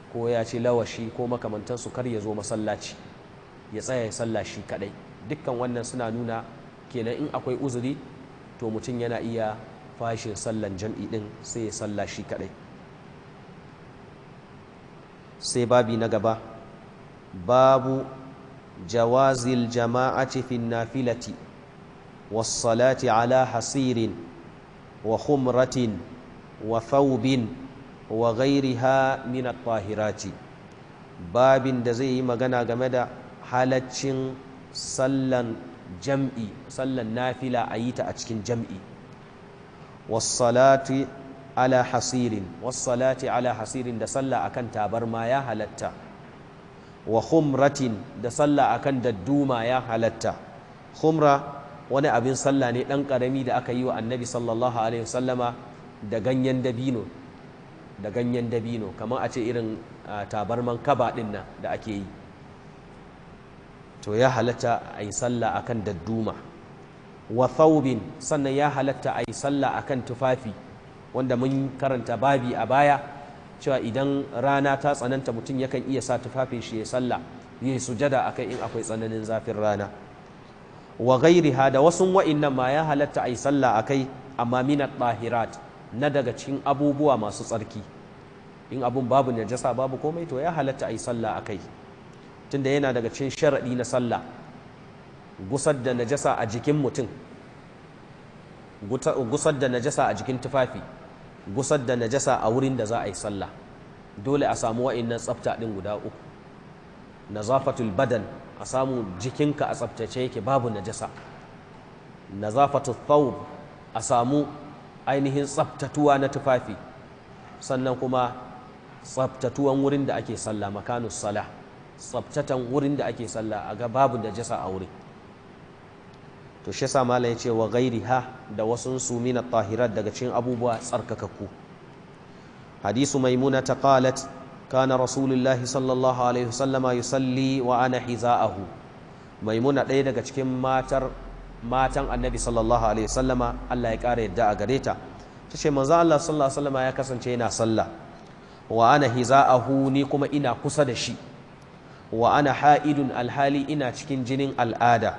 ko ya ci lawashi ko makamantansu kar ya zo masallaci ya tsaya ya sallah shi kadai dukkan wannan suna nuna kenan in akwai uzuri to mutum yana iya fashin sallan jam'i din sai ya salla shi kadai sai babi na gaba babu jawazil jama'ati fi nafilati was-salati ala hasirin wa khumratin wa thawbin wa ghairiha min at-tahirati babin da zai yi magana game da halaccin sallan jam'i sallan nafila a yi ta a cikin jam'i wassalati ala hasirin ala hasirin da sallah akan tabarma ya halatta wa khumratin da sallah akan dadduma ya halatta khumra wani abin sallah ne ɗan ƙarami da aka yi wa annabi sallallahu alaihi wasallama da ganyen dabino da ganyen dabino kamar a ce irin tabarman kaba ɗin nan da ake yi to ya halatta a yi sallah kan dadduma wa thawbin sannan ya halatta a yi sallah kan tufafi wanda mun karanta babi a baya cewa idan rana ta tsananta mutum yakan iya sa tufafin shi ya sallah yi sujada akai in akwai tsananin zafin rana wa ha da wasu wa'innan ma ya halatta a yi sallah kai amma mina ɗahirat na daga cikin abubuwa masu tsarki in abun babu najasa babu komai to ya halatta a yi sallah kai. tunda yana daga cikin sharaɗi na sallah gusar da najasa a jikin mutum gusar da najasa a jikin tufafi gusar da najasa a wurin da za a yi sallah dole a samu wa'innan tsafta ɗin guda uku nazafatul badan a samu jikinka a tsaftace yake babu najasa nazafatul thawb a samu ainihin tsaftatuwa na tufafi sannan kuma tsaftatuwan wurin da ake sallah makanus salah tsabtatan wurin da ake sallah a ga babu da jasa a wurin to shi yasa malam ya ce wa ghairiha da wasu su min tahirat daga cikin abubuwa tsarkakakku hadisu maimuna ta qalat kana rasulullahi sallallahu alaihi wasallama yusalli wa ana hiza'ahu maimuna ɗaya daga cikin matar matan annabi sallallahu alaihi wasallama Allah ya ƙara yadda a gare ta ta ce manzo Allah sallallahu alaihi wasallama ya kasance yana sallah wa ana hiza'ahu ni kuma ina kusa da shi wa ana ha'idun alhali ina cikin jinin al'ada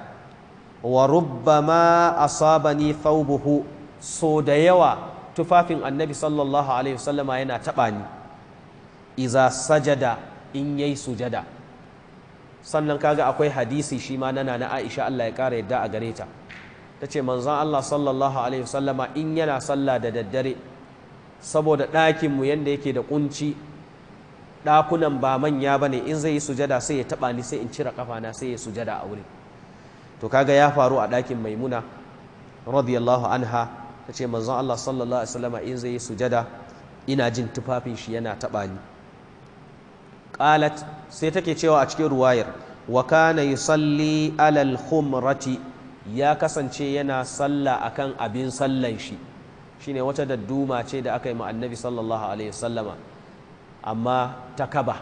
wa rubbama asabani thawbuhu so da yawa tufafin annabi sallallahu alaihi wasallama yana taɓa ni iza sajada in yayi sujada sannan kaga akwai hadisi shi ma nana na Aisha Allah ya ƙara yadda a gare ta ta ce manzon Allah sallallahu alaihi wasallama in yana sallah da daddare saboda ɗakinmu yadda yake da kunci ɗakunan ba manya ba ne in zai yi sujada sai ya taɓa ni sai in cire na sai ya sujada a wurin to kaga ya faru a ɗakin maimuna radiyallahu anha ta ce manzon Allah sallallahu alaihi wasallam in zai yi sujada ina jin tufafin shi yana taɓa ni qalat sai take cewa a cikin ruwayar wa kana yusalli alal khumrati ya kasance yana sallah akan abin sallan shi shine wata dadduma ce da aka yi ma annabi sallallahu alaihi wasallama amma ta kaba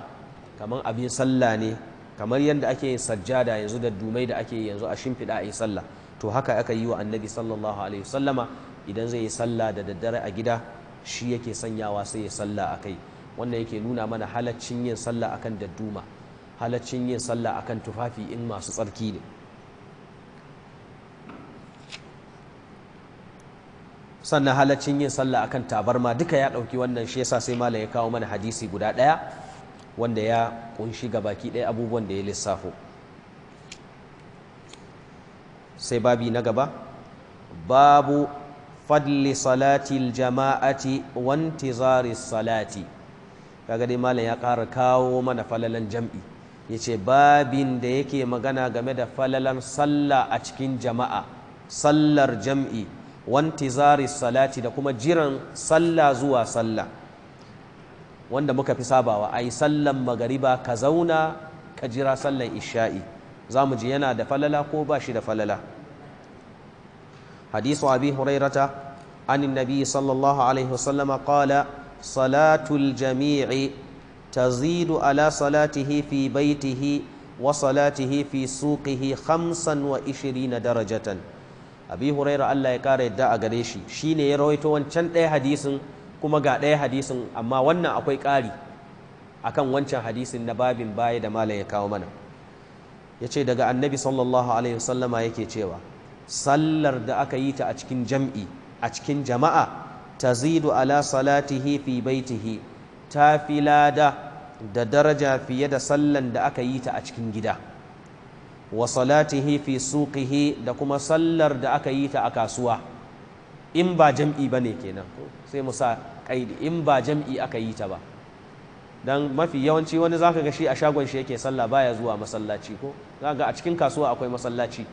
kamar abin sallah ne kamar yadda ake yin sajjada yanzu da dumai da ake yanzu a shimfiɗa a yi sallah to haka aka yi wa annabi sallallahu alaihi wasallama idan zai yi sallah da daddare a gida shi yake sanyawa sai ya sallah a kai wannan yake nuna mana halaccin yin sallah akan dadduma halaccin yin sallah akan tufafi in masu tsarki ne sannan halaccin yin sallah akan tabarma duka ya ɗauki wannan shi yasa sai malam ya kawo mana hadisi guda ɗaya wanda ya kunshi baki ɗaya abubuwan da ya lissafo sai babi na gaba babu fadli salati jama'ati wantizari salati kaga dai malam ya ƙara kawo mana falalan jam'i yace babin da yake magana game da falalan sallah a cikin jama'a sallar jam'i wantizari salati da kuma jiran sallah zuwa sallah wanda muka fi sabawa ai sallan magariba ka zauna ka jira sallan isha'i za mu ji yana da falala ko ba shi da falala hadisu abi hurairata an nabi sallallahu alaihi wasallam qala salatul jami'i tazidu ala salatihi fi baitihi wa salatihi fi suqihi khamsan wa ishirina darajatan abi huraira Allah ya kara yadda a gare shi shine ya rawaito wancan ɗaya hadisin kuma ga ɗaya hadisin amma wannan akwai ƙari akan wancan hadisin na babin baya da malam ya kawo mana ya ce daga annabi sallallahu alaihi wasallama yake cewa sallar da aka yi ta a cikin jam'i a cikin jama'a tazidu ala salatihi fi baitihi ta fi lada da daraja fiye da sallan da aka yi ta a cikin gida wa salatihi fi suqihi da kuma sallar da aka yi ta a kasuwa in ba jam'i bane kenan sai musa kaidi in ba jam'i aka yi ta ba dan mafi yawanci wani zaka ga shi a shagon shi yake sallah baya zuwa masallaci ko zaka ga a cikin kasuwa akwai masallaci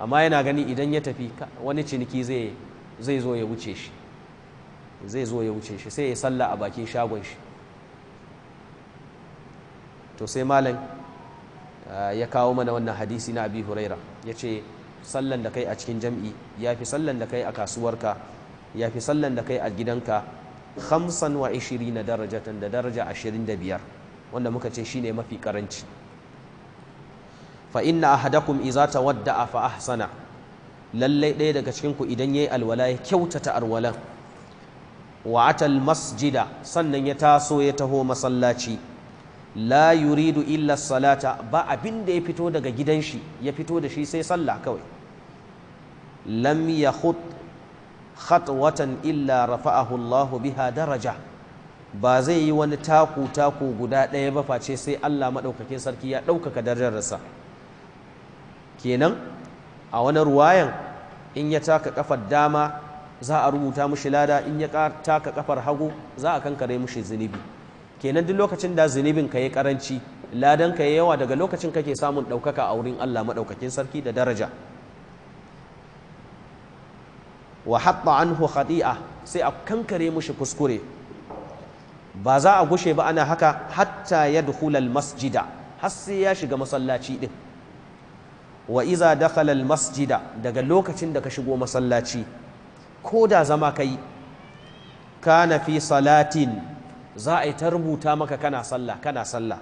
amma yana gani idan ya tafi wani ciniki zai zai zo ya wuce shi zai zo ya wuce shi sai ya sallah a bakin shagon shi to sai malam ya kawo mana wannan hadisi na abi huraira ya ce sallan da kai a cikin jam'i ya fi sallan da kai a kasuwarka ya fi sallan da kai a gidanka hamsan wa ishiri na darajatan da daraja ashirin da biyar wanda muka ce shine mafi karanci fa inna ahadakum izata wadda fa ahsana lallai ɗaya daga cikin ku idan yi alwala ya kyautata alwalan wa atal masjida sannan ya taso ya taho masallaci la yuridu illa salata ba abin da ya fito daga gidan shi ya fito da shi sai sallah kawai lam yakhut khatwatan illa rafa'ahu Allah biha daraja ba zai yi wani taku taku guda ɗaya ba face sai Allah maɗaukakin sarki ya ɗaukaka darajarsa kenan a wani ruwayan in ya taka kafar dama za a rubuta mushi lada in ya taka kafar hagu za a kankare mushi zunubi kenan duk lokacin da zunubin ka yi karanci ladan ka yawa daga lokacin kake samun ɗaukaka a wurin Allah maɗaukakin sarki da daraja wa hatta anhu khati'a sai a kankare mushi kuskure ba za a gushe ba ana haka hatta yadkhula masjida har sai ya shiga masallaci din wa iza dakhala masjida daga lokacin da ka shigo masallaci ko da zama kai kana fi salatin za a yi ta rubuta maka kana sallah kana sallah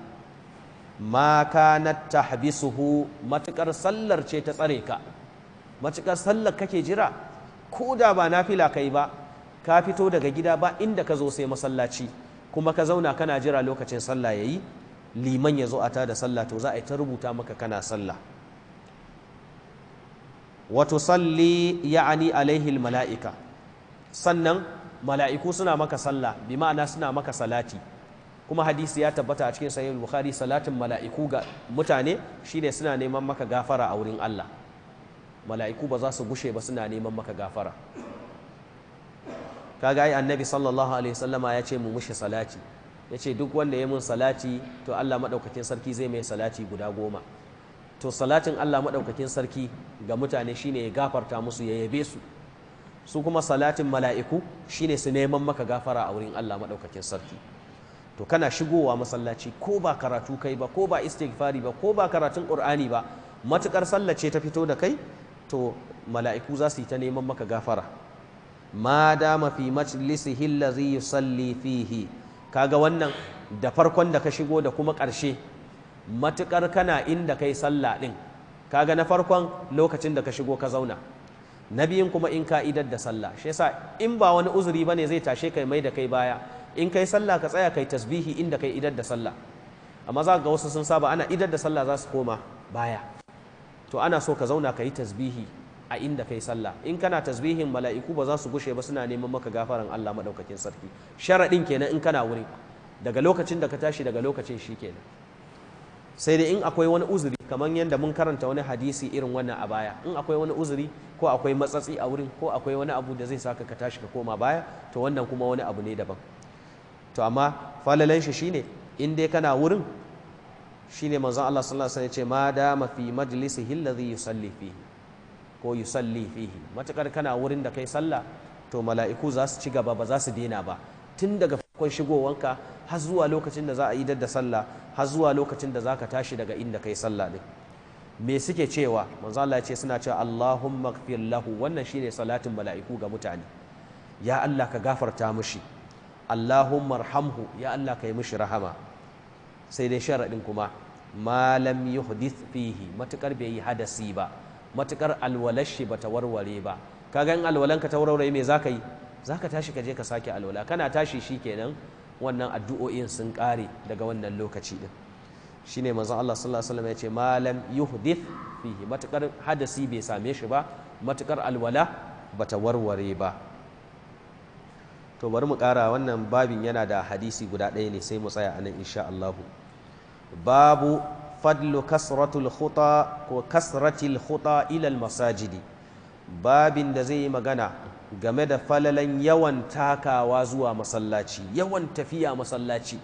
ma kanat tahbisuhu matukar sallar ce ta tsare ka matukar sallar kake jira ko da ba nafila kai ba ka fito daga gida ba inda ka zo sai masallaci kuma ka zauna kana jira lokacin sallah yayi liman ya zo a da sallah to za a yi ta rubuta maka kana sallah wato salli ya'ani alaihi mala'ika sannan mala'iku suna maka sallah bi ma'ana suna maka salati kuma hadisi ya tabbata a cikin sahih bukhari salatin mala'iku ga mutane shine suna neman maka gafara a wurin Allah mala'iku ba za su gushe ba suna neman maka gafara kaga ai annabi sallallahu alaihi wasallama ya ce mu mushi salati ya ce duk wanda ya mun salati to Allah maɗaukakin sarki zai mai salati guda goma to salatin Allah maɗaukakin sarki ga mutane shine ya gafarta musu ya yabe su su kuma salatin mala'iku shine su neman maka gafara a wurin Allah maɗaukakin sarki to kana shigowa masallaci ko ba karatu kai ba ko ba istighfari ba ko ba karatun ƙur'ani ba matukar sallace ta fito da kai to mala'iku za su yi ta neman maka gafara ma dama fi majlisihi yi yusalli fihi kaga wannan da farkon da ka shigo da kuma ƙarshe matuƙar kana inda kai sallah ɗin kaga na farkon lokacin da ka shigo ka zauna na biyun kuma in ka idar da sallah shi yasa in ba wani uzuri ne zai tashe kai mai da kai baya in kai sallah ka tsaya kai tasbihi inda kai idar da sallah amma za ga wasu sun saba ana idar da sallah za su koma baya to ana so ka zauna ka yi tasbihi a inda kai sallah in kana tasbihin mala'iku ba za su gushe ba suna neman maka gafaran Allah madaukakin sarki sharaɗin kenan in kana wuri daga lokacin da ka tashi daga lokacin shi kenan sai dai in akwai wani uzuri kamar yadda mun karanta wani hadisi irin wannan a baya in akwai wani uzuri ko akwai matsatsi a wurin ko akwai wani abu da zai saka ka tashi ka koma baya to wannan kuma wani abu ne daban to amma falalan shi shine in dai kana wurin shine manzon Allah sallallahu alaihi wasallam ya ce ma ma fi majlisihi alladhi yusalli fihi ko yusalli fihi matakar kana wurin da kai sallah to mala'iku za su ci gaba ba za su dena ba tun daga kun shigowanka har zuwa lokacin da za a yi da sallah har zuwa lokacin da za ka tashi daga inda kai sallah ne. me suke cewa manzo Allah ya ce suna cewa Allahumma ighfir lahu wannan shine salatin mala'iku ga mutane ya Allah ka gafarta mishi Allahumma arhamhu ya Allah ka yi mishi rahama sai dai sharadin kuma malam yuhdith fihi matukar bai yi hadasi ba matukar alwalashi bata warware ba kaga in alwalanka ta warware me zaka yi za ka tashi ka je ka sake alwala kana tashi shi kenan wannan addu'o'in sun ƙare daga wannan lokaci din shine manzon Allah sallallahu alaihi wasallam ya ce malam yuhdith fihi matukar hadasi bai same shi ba matukar alwala bata warware ba to bari mu ƙara wannan babin yana da hadisi guda ɗaya ne sai mu tsaya anan insha Allah babu fadlu kasratul khuta ko kasratil khuta ila masajidi babin da zai yi magana game da falalan yawan takawa zuwa masallaci yawan tafiya masallaci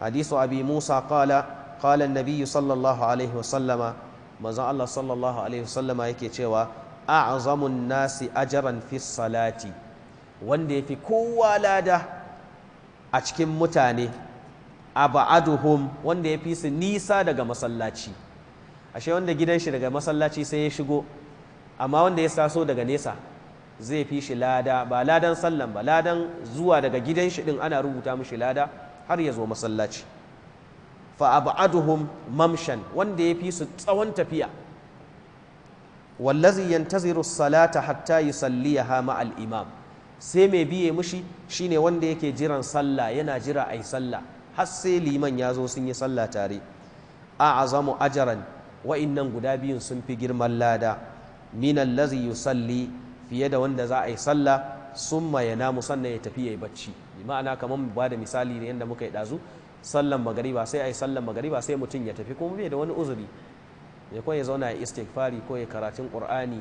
hadisu abi musa kala kala nabiyyu sallallahu alaihi wasallama manzon allah sallallahu alaihi wasallama yake cewa a'zamun nasi ajaran fi salati wanda ya fi kowa lada a cikin mutane abaduhum wanda ya fi su nisa daga masallaci ashe wanda gidan shi daga masallaci sai ya shigo amma wanda ya saso daga nesa zai fi shi lada ba ladan sallan ba ladan zuwa daga gidan shi din ana rubuta mishi lada har ya zo masallaci fa ab'aduhum mamshan wanda ya fi su tsawon tafiya wallazi yantaziru salata hatta yusalliyaha al imam sai mai biye mushi shine wanda yake jiran sallah yana jira ai sallah har sai liman ya zo sun yi sallah tare a azamu ajaran wa'innan guda biyun sun fi girman lada min yusalli fiye da wanda za a yi sallah summa ya namu sannan ya tafi ya yi bacci ma'ana kamar ba da misali ne yadda muka yi ɗazu sallan magariba sai a yi sallan magariba sai mutum ya tafi kuma bai da wani uzuri ya ko ya zauna ya istighfari ko ya karatun qur'ani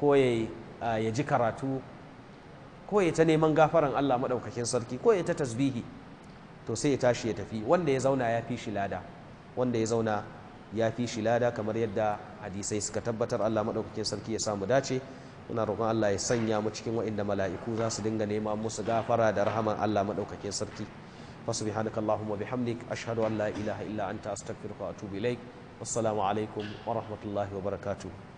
ko ya ji karatu ko ya ta neman gafaran Allah maɗaukakin sarki ko ya ta tasbihi to sai ya tashi ya tafi wanda ya zauna ya fi shi lada wanda ya zauna ya fi shi lada kamar yadda hadisai suka tabbatar Allah maɗaukakin sarki ya samu dace muna roƙon Allah ya sanya mu cikin wa'inda mala'iku za su dinga nema musu gafara da rahaman Allah maɗaukakin sarki fasubihanaka Allahumma bihamdik ashhadu an la ilaha illa anta astaghfiruka wa atubu ilaik wassalamu alaikum wa rahmatullahi wa barakatuh